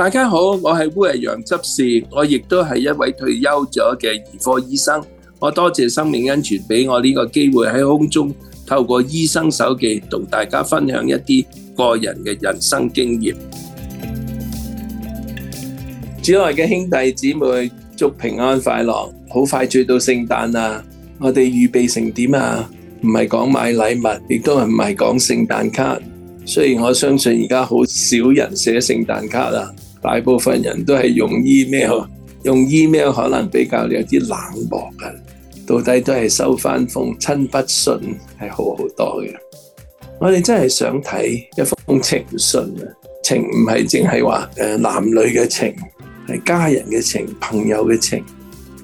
大家好，我係烏羊執事，我亦都係一位退休咗嘅兒科醫生。我多謝生命恩泉俾我呢個機會喺空中透過醫生手記同大家分享一啲個人嘅人生經驗。主內嘅兄弟姊妹，祝平安快樂，好快就到聖誕啦！我哋預備成點啊？唔係講買禮物，亦都係唔係講聖誕卡。雖然我相信而家好少人寫聖誕卡啦。大部分人都係用 email，用 email 可能比較有啲冷漠嘅，到底都係收返封親筆信係好好多嘅。我哋真係想睇一封情信，情唔係淨係話男女嘅情，係家人嘅情、朋友嘅情。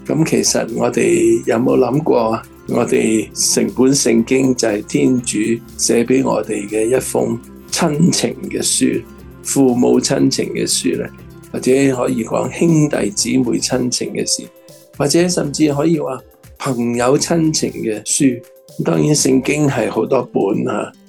咁其實我哋有冇有諗過？我哋成本聖經就係天主寫俾我哋嘅一封親情嘅書。父母親情嘅書咧，或者可以講兄弟姊妹親情嘅事，或者甚至可以話朋友親情嘅書。當然聖經係好多本，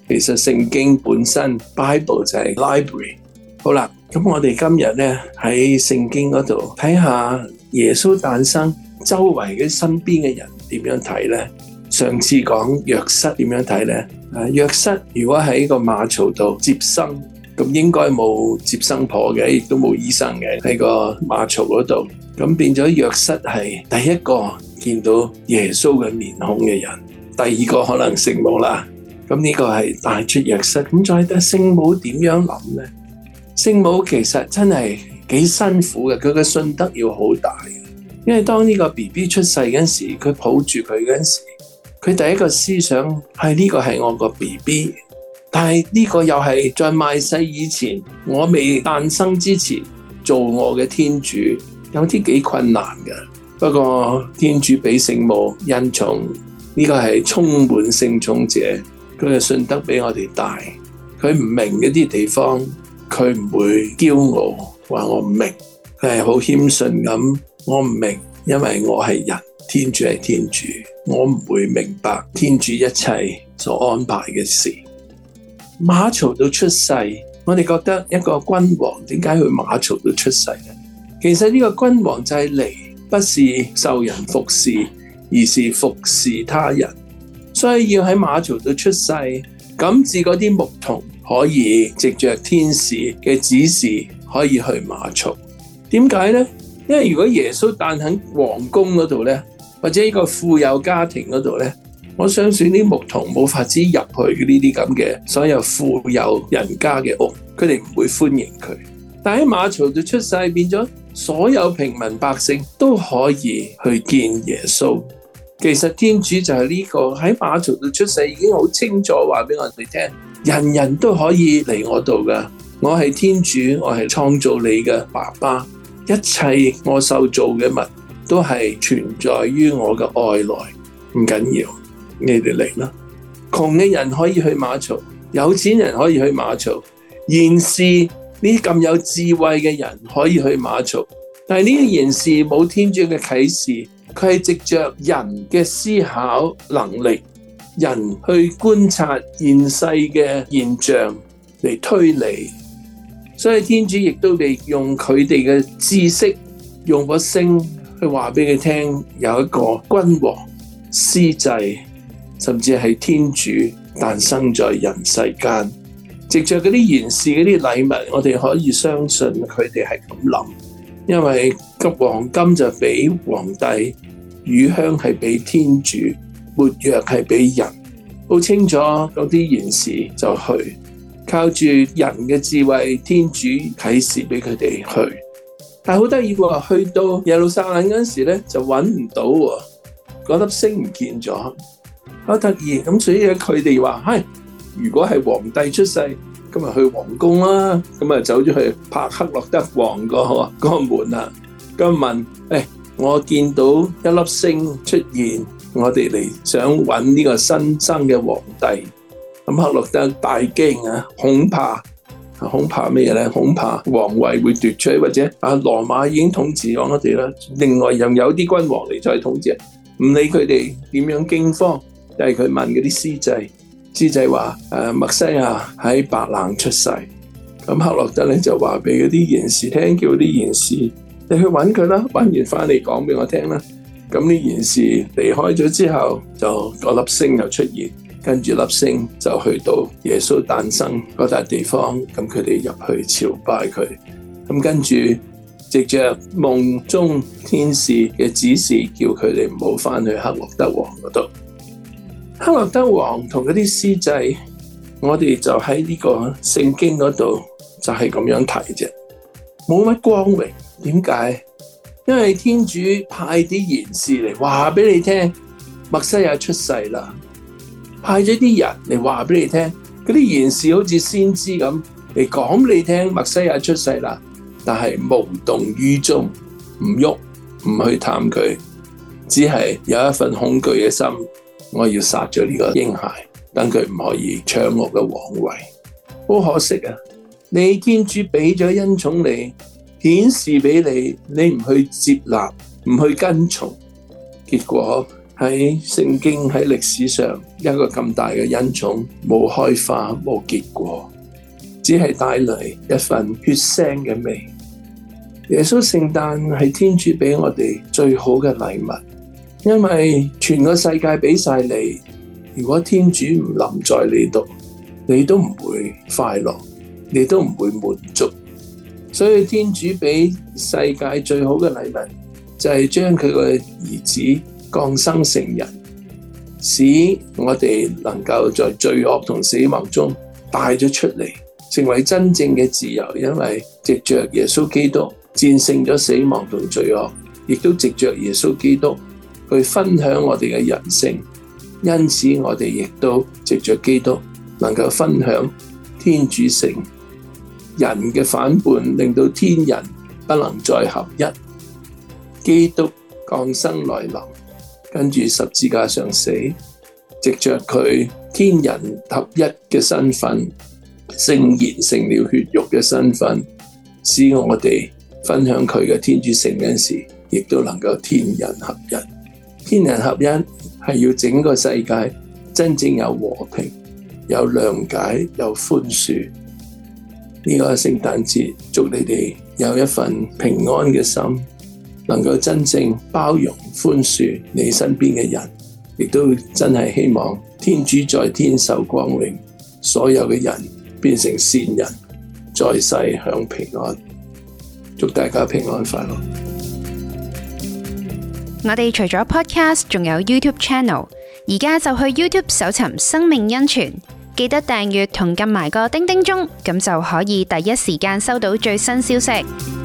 其實聖經本身 Bible 就係 library。好啦，咁我哋今日咧喺聖經嗰度睇下耶穌誕生周圍嘅身邊嘅人點樣睇咧。上次講約瑟點樣睇咧？啊，約瑟如果喺個馬槽度接生。咁應該冇接生婆嘅，亦都冇醫生嘅喺個馬槽嗰度。咁變咗約瑟係第一個見到耶穌嘅面孔嘅人，第二個可能聖母啦。咁呢個係帶出約瑟。咁再睇聖母點樣諗呢？聖母其實真係幾辛苦嘅，佢嘅信德要好大。因為當呢個 B B 出世嗰陣時，佢抱住佢嗰陣時，佢第一個思想係呢個係我個 B B。但係呢個又係在賣世以前，我未誕生之前做我嘅天主，有啲幾困難嘅。不過天主俾聖母恩寵呢、這個係充滿聖寵者，佢嘅信德比我哋大。佢唔明嗰啲地方，佢唔會驕傲話我唔明，佢係好謙遜咁。我唔明，因為我係人，天主係天主，我唔會明白天主一切所安排嘅事。馬槽到出世，我哋覺得一個君王點解去馬槽到出世呢？其實呢個君王就係嚟，不是受人服侍，而是服侍他人。所以要喺馬槽到出世，咁至嗰啲牧童可以藉着天使嘅指示，可以去馬槽。點解呢？因為如果耶穌誕喺皇宮嗰度呢，或者一個富有家庭嗰度呢。我想選啲牧童冇法子入去呢啲咁嘅，所有富有人家嘅屋，佢哋唔會歡迎佢。但喺馬槽度出世，變咗所有平民百姓都可以去見耶穌。其實天主就係呢、這個喺馬槽度出世，已經好清楚話俾我哋聽，人人都可以嚟我度噶。我係天主，我係創造你嘅爸爸，一切我受造嘅物都係存在於我嘅愛內。唔緊要。你哋嚟啦！窮嘅人可以去馬槽，有錢人可以去馬槽，賢士呢，咁有智慧嘅人可以去馬槽。但係呢啲賢士冇天主嘅啟示，佢係藉着人嘅思考能力，人去觀察現世嘅現象嚟推理。所以天主亦都利用佢哋嘅知識，用個聲去話俾佢聽，有一個君王司祭。甚至係天主誕生在人世間，藉着嗰啲賢士嗰啲禮物，我哋可以相信佢哋係咁諗，因為急黃金就俾皇帝，乳香係俾天主，沒藥係俾人，好清楚嗰啲賢士就去靠住人嘅智慧，天主啟示俾佢哋去。但好得意喎，去到耶路撒冷嗰陣時咧，就揾唔到喎，嗰粒星唔見咗。好得意咁，所以佢哋話：嘿、哎，如果係皇帝出世，咁咪去皇宮啦。咁啊，走咗去拍克洛德王個、那個門啦。佢問：誒、哎，我見到一粒星出現，我哋嚟想揾呢個新生嘅皇帝。咁克洛德大驚啊，恐怕恐怕咩咧？恐怕皇位會奪取，或者啊，羅馬已經統治咗我哋啦。另外又有啲君王嚟再統治，唔理佢哋點樣驚慌。但係佢問嗰啲司祭，司祭話：啊，麥西亞喺白冷出世。咁黑洛德咧就話俾嗰啲賢士聽，叫嗰啲賢士，你去揾佢啦，揾完翻嚟講俾我聽啦。咁呢啲賢士離開咗之後，就個粒星就出現，跟住粒星就去到耶穌誕生嗰笪地方。咁佢哋入去朝拜佢。咁跟住，藉着夢中天使嘅指示，叫佢哋唔好返去黑洛德王嗰度。克洛德王同嗰啲司祭，我哋就喺呢個聖經嗰度就係咁樣睇啫，冇乜光榮。點解？因為天主派啲賢士嚟話畀你聽，墨西亞出世啦，派咗啲人嚟話畀你聽，嗰啲賢士好似先知咁嚟講你聽，墨西亞出世啦，但係無動於衷，唔喐，唔去探佢，只係有一份恐懼嘅心。我要殺咗呢個嬰孩，等佢唔可以搶我嘅王位。好可惜啊！你天主畀咗恩寵你，顯示畀你，你唔去接納，唔去跟從，結果喺聖經喺歷史上一個咁大嘅恩寵冇開花冇結果，只係帶來一份血腥嘅味。耶穌聖誕係天主畀我哋最好嘅禮物。因為全個世界俾晒你，如果天主唔臨在你度，你都唔會快樂，你都唔會滿足。所以天主俾世界最好嘅禮物，就係將佢個兒子降生成人，使我哋能夠在罪惡同死亡中帶咗出嚟，成為真正嘅自由。因為藉着耶穌基督戰勝咗死亡同罪惡，亦都藉着耶穌基督。去分享我哋嘅人性，因此我哋亦都藉着基督能夠分享天主性。人嘅反叛令到天人不能再合一。基督降生來臨，跟住十字架上死，藉着佢天人合一嘅身份，聖言成了血肉嘅身份，使我哋分享佢嘅天主性的時候，亦都能夠天人合一。天人合一是要整個世界真正有和平、有諒解、有寬恕。呢、這個係聖誕節，祝你哋有一份平安嘅心，能夠真正包容寬恕你身邊嘅人，亦都真係希望天主在天受光榮，所有嘅人變成善人，在世享平安。祝大家平安快樂。我哋除咗 podcast，仲有 YouTube channel，而家就去 YouTube 搜尋《生命恩泉》，記得訂閱同撳埋個叮叮鐘，咁就可以第一時間收到最新消息。